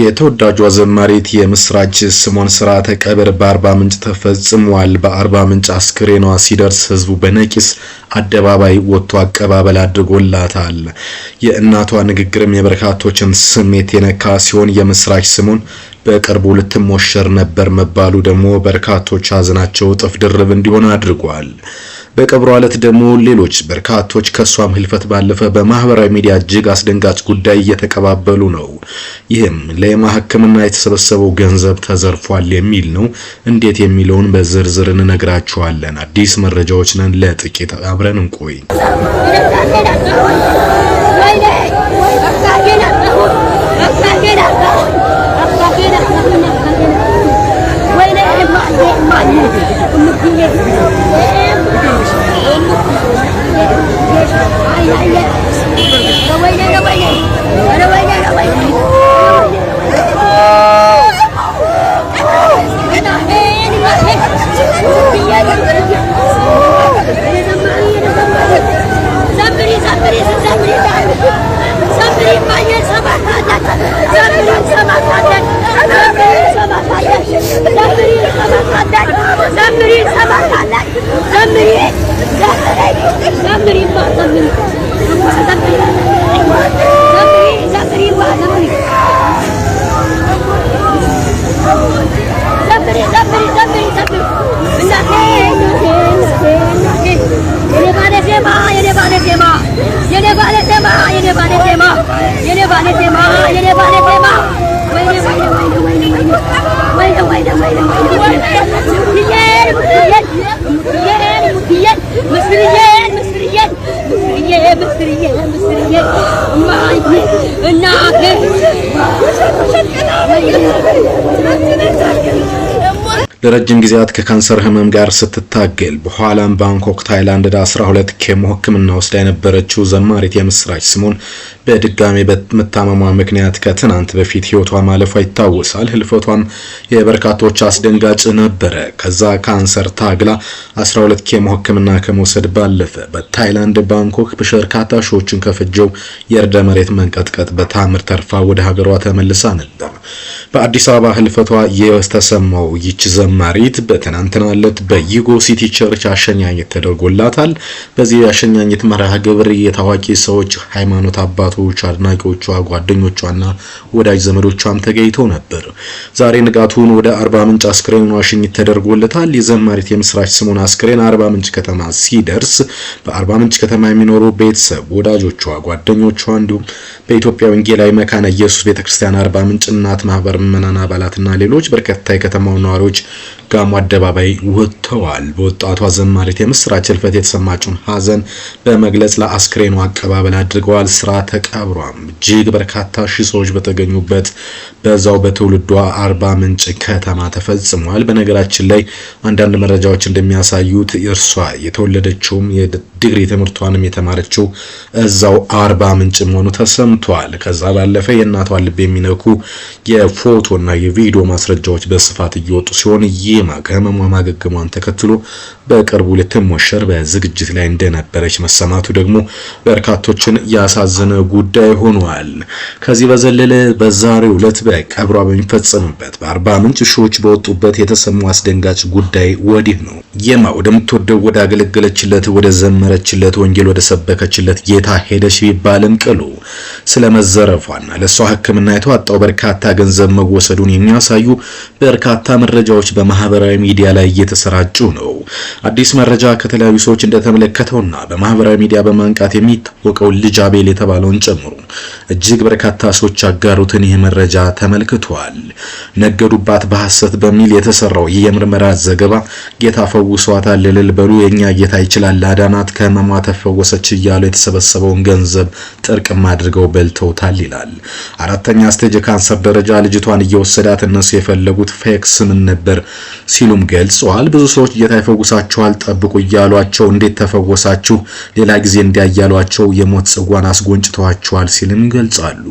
የተወዳጇ ዘማሪት የምስራች ስምኦን ስርዓተ ቀብር በአርባ ምንጭ ተፈጽሟል። በአርባ ምንጭ አስክሬኗ ሲደርስ ህዝቡ በነቂስ አደባባይ ወጥቶ አቀባበል አድርጎላታል። የእናቷ ንግግርም የበርካቶችን ስሜት የነካ ሲሆን የምስራች ስምኦን በቅርቡ ልትሞሸር ነበር መባሉ ደግሞ በርካቶች ሀዘናቸው እጥፍ ድርብ እንዲሆን አድርጓል። በቀብሯ ዕለት ደግሞ ሌሎች በርካቶች ከሷም ህልፈት ባለፈ በማህበራዊ ሚዲያ እጅግ አስደንጋጭ ጉዳይ እየተቀባበሉ ነው። ይህም ለየማ የተሰበሰበው ገንዘብ ተዘርፏል የሚል ነው። እንዴት የሚለውን በዝርዝር እንነግራችኋለን። አዲስ መረጃዎች ነን። ለጥቂት አብረን እንቆይ። مصريين مصريين مصريين مصريين مصريين مصريين مصريين مصريين مصريين الناقل ለረጅም ጊዜያት ከካንሰር ህመም ጋር ስትታገል በኋላም ባንኮክ ታይላንድ ለ12 ኬሞ ህክምና ወስዳ የነበረችው ዘማሪት የምስራች ስሙን በድጋሜ በመታመሟ ምክንያት ከትናንት በፊት ህይወቷ ማለፏ ይታወሳል። ህልፈቷም የበርካቶች አስደንጋጭ ነበረ። ከዛ ካንሰር ታግላ 12 ኬሞ ህክምና ከመውሰድ ባለፈ በታይላንድ ባንኮክ በርካታ ሺዎችን ከፈጀው መሬት መንቀጥቀጥ በታምር ተርፋ ወደ ሀገሯ ተመልሳ ነበር። በአዲስ አበባ ህልፈቷ የተሰማው ይች ዘ ማሪት በትናንትናው ዕለት በዩጎ ሲቲ ቸርች አሸኛኘት ተደርጎላታል። በዚህ አሸኛኘት መርሃ ግብር የታዋቂ ሰዎች፣ ሃይማኖት አባቶች፣ አድናቂዎቿ፣ ጓደኞቿና ወዳጅ ዘመዶቿም ተገኝተው ነበር። ዛሬ ንጋቱን ወደ አርባ ምንጭ አስክሬኗ ሽኝት ተደርጎለታል። የዘማሪት የምስራች ስሙን አስክሬን አርባ ምንጭ ከተማ ሲደርስ በአርባ ምንጭ ከተማ የሚኖሩ ቤተሰብ፣ ወዳጆቿ፣ ጓደኞቿ እንዲሁም በኢትዮጵያ ወንጌላዊ መካነ ኢየሱስ ቤተክርስቲያን አርባ ምንጭ እናት ማህበር ምዕመናን አባላትና ሌሎች በርካታ የከተማው ነዋሪዎች ጋሞ አደባባይ ወጥተዋል። በወጣቷ ዘማሪት የምስራች ህልፈት የተሰማቸውን ሀዘን በመግለጽ ለአስክሬኑ አቀባበል አድርገዋል። ስራ ተቀብሯም እጅግ በርካታ ሺህ ሰዎች በተገኙበት በዛው በትውልዷ አርባ ምንጭ ከተማ ተፈጽሟል። በነገራችን ላይ አንዳንድ መረጃዎች እንደሚያሳዩት እርሷ የተወለደችውም የዲግሪ ትምህርቷንም የተማረችው እዛው አርባ ምንጭ መሆኑ ተሰምቷል። ከዛ ባለፈ የእናቷ ልብ የሚነኩ የፎቶና የቪዲዮ ማስረጃዎች በስፋት እየወጡ ሲሆን ይህ ዜማ ማገገሟን ተከትሎ በቅርቡ ልትሞሸር በዝግጅት ላይ እንደነበረች መሰማቱ ደግሞ በርካቶችን ያሳዘነ ጉዳይ ሆኗል። ከዚህ በዘለለ በዛሬው ዕለት በቀብሯ በሚፈጸምበት በአርባ ምንጭ ሺዎች በወጡበት የተሰሙ አስደንጋጭ ጉዳይ ወዲህ ነው። የማ ወደምትወደው ወደ አገለገለችለት፣ ወደ ዘመረችለት፣ ወንጌል ወደ ሰበከችለት ጌታ ሄደች ቢባልም ቅሉ ስለ መዘረፏና ለእሷ ሕክምና የተዋጣው በርካታ ገንዘብ መወሰዱን የሚያሳዩ በርካታ መረጃዎች በመሃል በማህበራዊ ሚዲያ ላይ እየተሰራጩ ነው። አዲስ መረጃ ከተለያዩ ሰዎች እንደተመለከተውና በማህበራዊ ሚዲያ በማንቃት የሚታወቀው ልጅ አቤል የተባለውን ጨምሮ እጅግ በርካታ ሰዎች ያጋሩትን ይህ መረጃ ተመልክቷል። ነገዱባት በሐሰት በሚል የተሰራው ይህ የምርመራ ዘገባ ጌታ ፈውሷታል እልል በሉ የእኛ ጌታ ይችላል አዳናት ከህመሟ ተፈወሰች እያሉ የተሰበሰበውን ገንዘብ ጥርቅም አድርገው በልተውታል ይላል። አራተኛ ስቴጅ ካንሰር ደረጃ ልጅቷን እየወሰዳት እነሱ የፈለጉት ፌክ ስምን ነበር ሲሉም ገልጸዋል። ብዙ ሰዎች ጌታ ይፈውሳችኋል፣ ጠብቁ እያሏቸው እንዴት ተፈወሳችሁ? ሌላ ጊዜ እንዲያያሏቸው የሞት ጽዋን አስጎንጭተዋቸዋል ሲልም ገልጻሉ።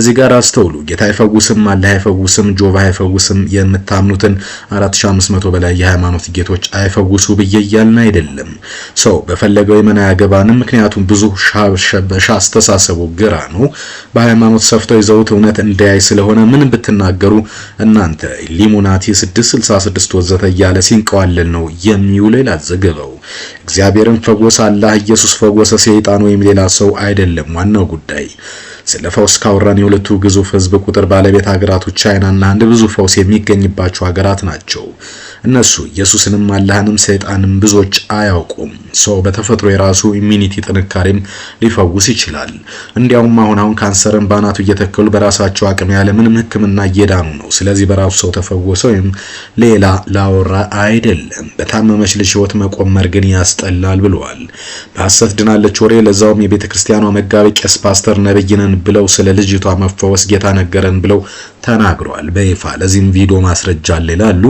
እዚህ ጋር አስተውሉ። ጌታ ይፈውስም፣ አላህ አይፈውስም፣ ጆባ አይፈውስም፣ የምታምኑትን 4500 በላይ የሃይማኖት ጌቶች አይፈውሱ ብዬ እያልን አይደለም። ሰው በፈለገው የመና ያገባንም፣ ምክንያቱም ብዙ ሻበሻ አስተሳሰቡ ግራ ነው። በሃይማኖት ሰፍተው ይዘውት እውነት እንዳያይ ስለሆነ ምን ብትናገሩ እናንተ ኢሊሙናቲ 666 መንግስት ወዘተ እያለ ሲንቀዋለን ነው የሚውል ይላል እግዚአብሔርን ፈወሰ አላህ ኢየሱስ ፈወሰ ሰይጣን ወይም ሌላ ሰው አይደለም ዋናው ጉዳይ። ስለ ፈውስ ካወራን የሁለቱ ግዙፍ ህዝብ ቁጥር ባለቤት ሀገራቱ ቻይናና አንድ ብዙ ፈውስ የሚገኝባቸው ሀገራት ናቸው። እነሱ ኢየሱስንም አላህንም ሰይጣንም ብዙዎች አያውቁም። ሰው በተፈጥሮ የራሱ ኢሚኒቲ ጥንካሬም ሊፈውስ ይችላል። እንዲያውም አሁን አሁን ካንሰርን ባናቱ እየተከሉ በራሳቸው አቅም ያለ ምንም ሕክምና እየዳኑ ነው። ስለዚህ በራሱ ሰው ተፈወሰ ወይም ሌላ ላወራ አይደለም። በታመመች ልጅ ህይወት መቆመር ግን ያስጠላል ብለዋል። በሐሰት ድናለች ወሬ ለዛውም የቤተ ክርስቲያኗ መጋቢ ቄስ ፓስተር ነብይነን ብለው ስለ ልጅቷ መፈወስ ጌታ ነገረን ብለው ተናግሯል። በይፋ ለዚህም ቪዲዮ ማስረጃ አለ ይላሉ።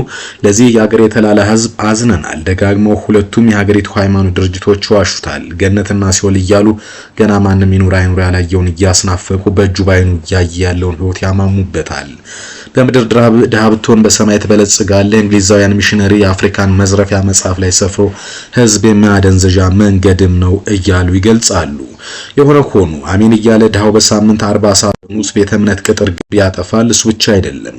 ለዚህ የሀገር የተላለ ህዝብ አዝነናል። ደግሞ ሁለቱም የሀገሪቱ ሃይማኖት ድርጅቶች ዋሹታል። ገነትና ሲኦል እያሉ ገና ማንም ይኑር አይኑር ያላየውን እያስናፈቁ በእጁ ባይኑ እያየ ያለውን ህይወት ያማሙበታል። በምድር ድሃ ብትሆን በሰማይ ትበለጽጋለህ። እንግሊዛውያን ሚሽነሪ የአፍሪካን መዝረፊያ መጽሐፍ ላይ ሰፍሮ ህዝብ የሚያደንዘዣ መንገድም ነው እያሉ ይገልጻሉ። የሆነ ሆኑ አሜን እያለ ድሃው በሳምንት 40 ሰዓት ሙስ ቤተ እምነት ቅጥር ግቢ ያጠፋል። እሱ ብቻ አይደለም።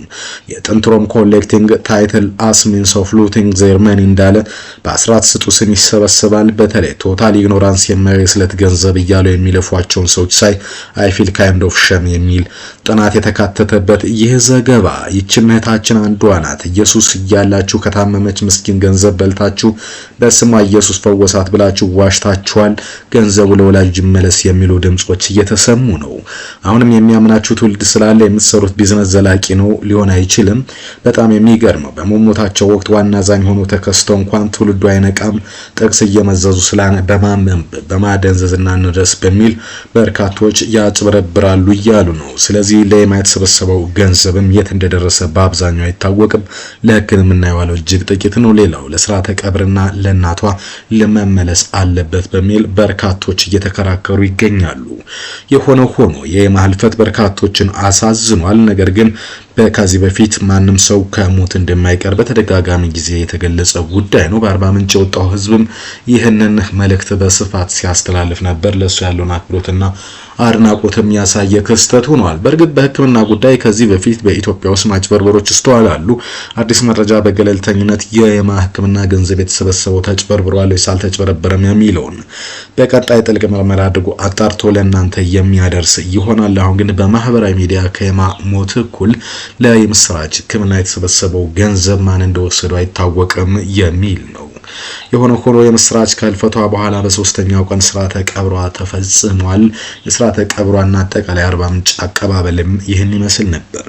የጥንት ሮም ኮሌክቲንግ ታይትል አስሚንስ ኦፍ ሉቲንግ ዜር እንዳለ በአስራት ስጡ ስም ይሰበሰባል። በተለይ ቶታል ኢግኖራንስ ስለት ገንዘብ እያሉ የሚለፏቸውን ሰዎች ሳይ አይ ፊል ካይንድ ኦፍ ሸም የሚል ጥናት የተካተተበት ይህ ዘገባ ይችም እህታችን አንዷ ናት። ኢየሱስ እያላችሁ ከታመመች ምስኪን ገንዘብ በልታችሁ በስማ ኢየሱስ ፈወሳት ብላችሁ ዋሽታችኋል። ገንዘቡ ለወላጅ ይመለስ የሚሉ ድምጾች እየተሰሙ ነው። አሁንም የሚያምናችሁ ትውልድ ስላለ የምትሰሩት ቢዝነስ ዘላቂ ነው ሊሆን አይችልም። በጣም የሚገርመው በመሞታቸው ወቅት ዋና ዛኝ ሆኖ ተከስተው እንኳን ትውልዱ አይነቃም። ጥቅስ እየመዘዙ ስላነ በማመን በማደንዘዝና እንድረስ በሚል በርካቶች ያጭበረብራሉ እያሉ ነው። ስለዚህ ለየማ የተሰበሰበው ገንዘብም የት እንደደረሰ በአብዛኛው አይታወቅም። ለሕክምና የዋለው እጅግ ጥቂት ነው። ሌላው ለስርዓተ ቀብርና ለእናቷ ለመመለስ አለበት በሚል በርካቶች እየተከራከሩ እየተከራከሩ ይገኛሉ። የሆነ ሆኖ የማህልፈት በርካቶችን አሳዝኗል። ነገር ግን ከዚህ በፊት ማንም ሰው ከሞት እንደማይቀር በተደጋጋሚ ጊዜ የተገለጸ ጉዳይ ነው። በአርባ ምንጭ የወጣው ህዝብም ይህንን መልእክት በስፋት ሲያስተላልፍ ነበር። ለእሱ ያለውን አክብሮትና አድናቆት የሚያሳየ ክስተት ሆኗል። በእርግጥ በሕክምና ጉዳይ ከዚህ በፊት በኢትዮጵያ ውስጥ ማጭበርበሮች ይስተዋላሉ። አዲስ መረጃ በገለልተኝነት የየማ ሕክምና ገንዘብ የተሰበሰበው ተጭበርብሯል ወይስ አልተጭበረበረም የሚለውን በቀጣይ ጥልቅ ምርመራ አድርጎ አጣርቶ ለእናንተ የሚያደርስ ይሆናል። አሁን ግን በማህበራዊ ሚዲያ ከየማ ሞት እኩል ምስራች ሕክምና የተሰበሰበው ገንዘብ ማን እንደወሰደው አይታወቅም የሚል ነው። የሆነ ሆኖ የምስራች ከህልፈቷ በኋላ በሶስተኛው ቀን ስርዓተ ቀብሯ ተፈጽሟል። የስርዓተ ቀብሯና አጠቃላይ አርባ ምንጭ አቀባበልም ይህን ይመስል ነበር።